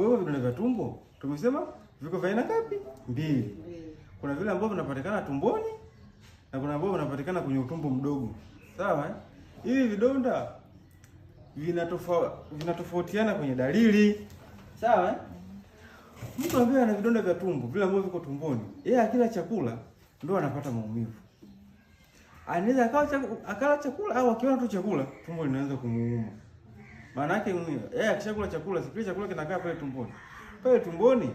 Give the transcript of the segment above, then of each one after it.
Kwa hiyo vidonda vya tumbo tumesema viko vya aina ngapi? Mbili. Kuna vile ambavyo vinapatikana tumboni na kuna ambavyo vinapatikana kwenye utumbo mdogo. Sawa? Eh? Hivi vidonda vinatofa, vinatofautiana kwenye dalili. Sawa? Eh? Mtu ambaye ana vidonda vya tumbo, vile ambavyo viko tumboni, yeye akila chakula ndio anapata maumivu. Anaweza akala chakula, akala chakula au akiona tu chakula, tumbo linaanza kumuuma. Maana yake nini? Yeye akishakula chakula, sikili chakula kinakaa pale tumboni. Pale tumboni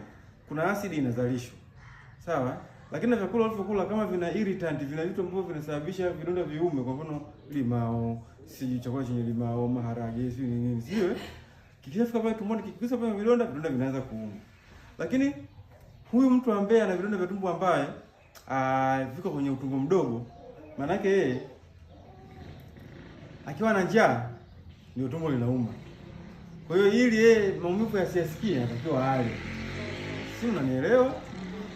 kuna asidi inazalishwa. Sawa? Lakini na vyakula ulivyokula kama vina irritant, vina vitu ambavyo vinasababisha vidonda viume, kwa mfano limao, si chakula chenye limao, maharage, si nini, siwe. Kikishafika pale tumboni, kikigusa pale vidonda, vidonda vinaanza kuuma. Lakini huyu mtu ambaye ana vidonda vya tumbo ambaye ah, viko kwenye utumbo mdogo, maana yake yeye akiwa na njaa ndio tumbo linauma. Kwa hiyo ili yeye maumivu yasiyasikie anatakiwa ale, si unanielewa?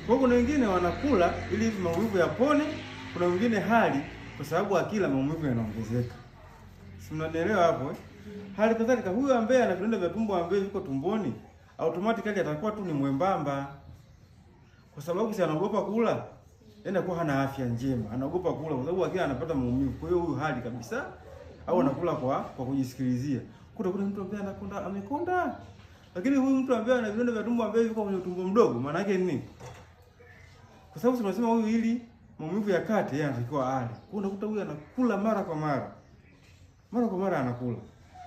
Kwa kuna wengine wanakula ili hivi maumivu yapone, kuna wengine hali kwa sababu akila maumivu yanaongezeka, si unanielewa hapo eh? Hali kadhalika huyo ambaye ana vidonda vya tumbo ambaye yuko tumboni automatically atakuwa tu ni mwembamba, kwa sababu si anaogopa kula, yeye anakuwa hana afya njema, anaogopa kula kwa sababu akila anapata maumivu. Kwa hiyo huyu hali kabisa au anakula kwa kwa kujisikilizia. Kuta kuna mtu ambaye anakonda amekonda. Lakini huyu mtu ambaye ana vidonda vya tumbo ambaye yuko kwenye tumbo mdogo, maana yake nini? Kwa sababu tunasema huyu ili maumivu ya kati yeye anatakiwa ale. Kwa hiyo unakuta huyu anakula mara kwa mara. Mara kwa mara anakula.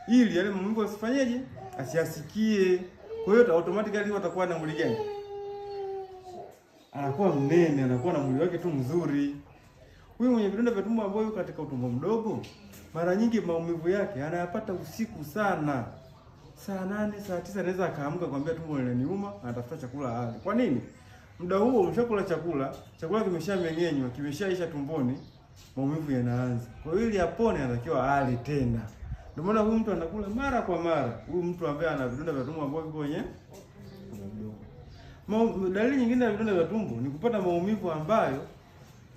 Ili yale maumivu asifanyeje? Asiasikie. Kwa hiyo automatically atakuwa na mwili gani? Anakuwa mnene, anakuwa na mwili wake tu mzuri. Huyu mwenye vidonda vya tumbo ambaye katika utumbo mdogo, mara nyingi maumivu yake anayapata usiku sana, saa nane, saa tisa, anaweza akaamka kwambia tumbo linaniuma, anatafuta chakula ale. Kwa nini? Muda huo umeshakula chakula, chakula kimeshamengenywa, kimeshaisha tumboni, maumivu yanaanza. Kwa hiyo ili apone, anatakiwa ale tena. Ndio maana huyu mtu anakula mara kwa mara, huyu mtu ambaye ana vidonda vya tumbo ambavyo viko kwenye dalili nyingine ya vidonda vya tumbo ni kupata maumivu ambayo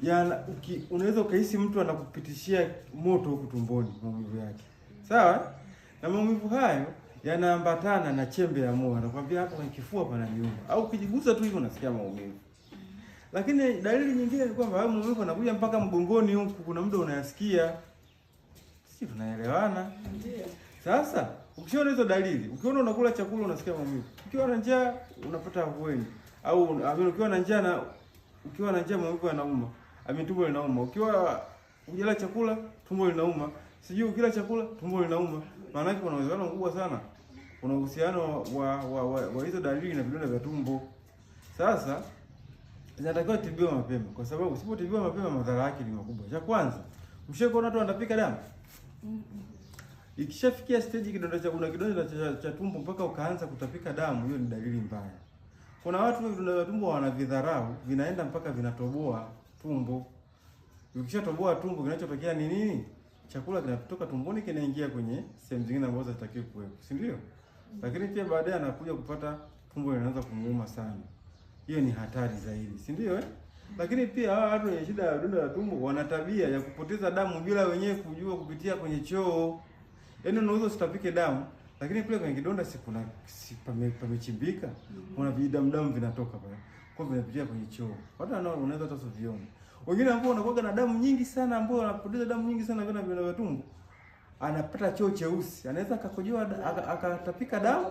ya uki, unaweza ukahisi mtu anakupitishia moto huku tumboni, maumivu yake sawa, na maumivu hayo yanaambatana na chembe ya moyo, anakwambia hapo kwenye kifua pana pananiuma, au ukijigusa tu hivyo unasikia maumivu. Lakini dalili nyingine ni kwamba hayo maumivu anakuja mpaka mgongoni huku, kuna muda unayasikia. Sisi tunaelewana sasa. Ukishaona hizo dalili, ukiona unakula chakula unasikia maumivu, ukiwa na njaa unapata afueni, au ukiwa na njaa na ukiwa na njaa maumivu yanauma mean, tumbo linauma. Ukiwa ujala chakula tumbo linauma, sijui ukila chakula tumbo linauma, maana yake kuna uwezekano mkubwa sana kuna uhusiano wa wa, wa, wa hizo dalili na vidonda vya tumbo. Sasa zinatakiwa tibiwa mapema, kwa sababu usipotibiwa mapema madhara yake ni makubwa. Cha kwanza, mshakuona watu wanatapika damu mm-hmm. Ikishafikia stage kidonda cha kuna kidonda cha, cha tumbo mpaka ukaanza kutapika damu, hiyo ni dalili mbaya. Kuna watu vidonda vya tumbo wanavidharau, vinaenda mpaka vinatoboa tumbo. Ukishatoboa tumbo, kinachotokea ni nini? Chakula kinatoka tumboni kinaingia kwenye sehemu zingine ambazo hazitakiwi kuwepo, si ndio? Mm. Lakini pia baadaye anakuja kupata tumbo linaanza kumuuma sana, hiyo ni hatari zaidi, si ndio eh? Lakini pia hawa watu wenye shida ya donda la tumbo wana tabia ya kupoteza damu bila wenyewe kujua kupitia kwenye choo. Yaani unaweza usitapike damu, lakini kule kwenye kidonda si kuna si pamechimbika, pame kuna vidamu damu vinatoka pale kwa vinapitia kwenye choo. Watu wanao unaweza hata usivione. Wengine ambao wanakuwa na damu nyingi sana ambao wanapoteza damu nyingi sana vina vya tumbo. Anapata choo cheusi. Anaweza akakojoa akatapika damu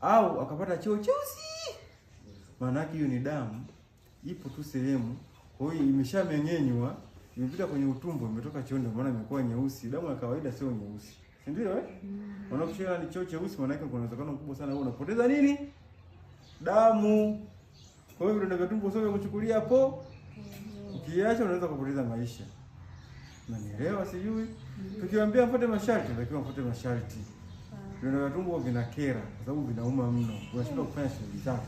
au akapata choo cheusi. Maana yake hiyo ni damu ipo tu sehemu. Kwa hiyo imeshamenyenywa, imepita kwenye utumbo, imetoka choo ndio maana imekuwa nyeusi. Damu ya kawaida sio nyeusi. Si ndio eh? Unakushona ni choo cheusi maana yake kuna uwezekano mkubwa sana wewe unapoteza nini? Damu. Kwa hiyo vidonda vya tumbo sio vya kuchukulia po. Ukiacha unaweza kupoteza maisha. Unanielewa sijui? Mm-hmm. Tukiwaambia mfuate masharti, lakini mfuate masharti. Ah. Vidonda vya tumbo vinakera kwa sababu vinauma mno. Unashindwa mm. kufanya shughuli zako.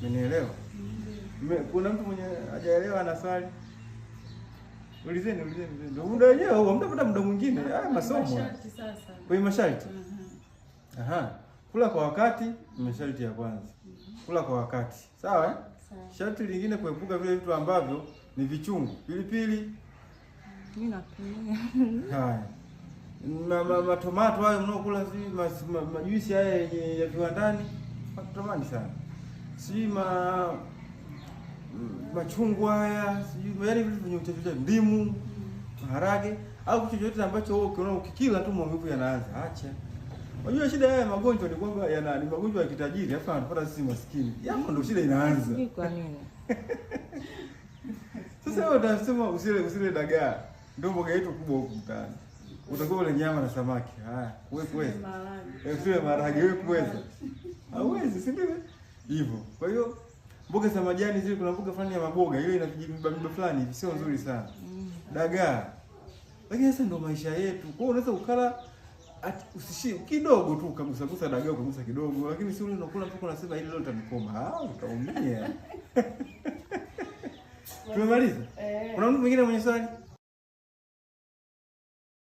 Umenielewa? Mm-hmm. Kuna mtu mwenye hajaelewa anaswali. Ulizeni, ulizeni. Ndio muda wenyewe huo, mtapata muda mwingine. Haya masomo. Masharti sasa. Kwa masharti. Mm-hmm. Aha. Kula kwa wakati, masharti ya kwanza. Kula kwa wakati. Sawa eh? Sharti lingine kuepuka vile vitu ambavyo ni vichungu. Pilipili. Mimi Ma, ma, matomato hayo mnaokula si majuisi haya yenye ya viwandani hatutamani sana. Si ma mm, machungwa haya, sijui yaani vitu vyenye uchachu ndimu, maharage au kitu chochote ambacho wewe ukiona ukikila tu maumivu yanaanza. Acha. Unajua shida ya magonjwa ni kwamba yana ni magonjwa ya kitajiri afa anapata sisi maskini. Hapo ndio shida inaanza. kwa nini. Sasa wewe utasema usile usile dagaa. Ndio mboga yetu kubwa huko mtaani. Utakuwa ule nyama na samaki. Haya, wewe kweli. Eh, usile maharage wewe kweli. Hauwezi, si ndio? Hivyo. Kwa hiyo mboga za majani zile kuna mboga fulani ya maboga, ile ina vijimba fulani sio nzuri sana. Mm. Dagaa. Lakini sasa ndio maisha yetu. Kwa hiyo unaweza ukala ati usishie kidogo tu ukamgusagusa dagaa ukagusa kidogo, lakini si ule unakula mpaka unasema ile leo nitanikoma. Ah, utaumia. Tumemaliza. Eh. Kuna mtu mwingine mwenye swali?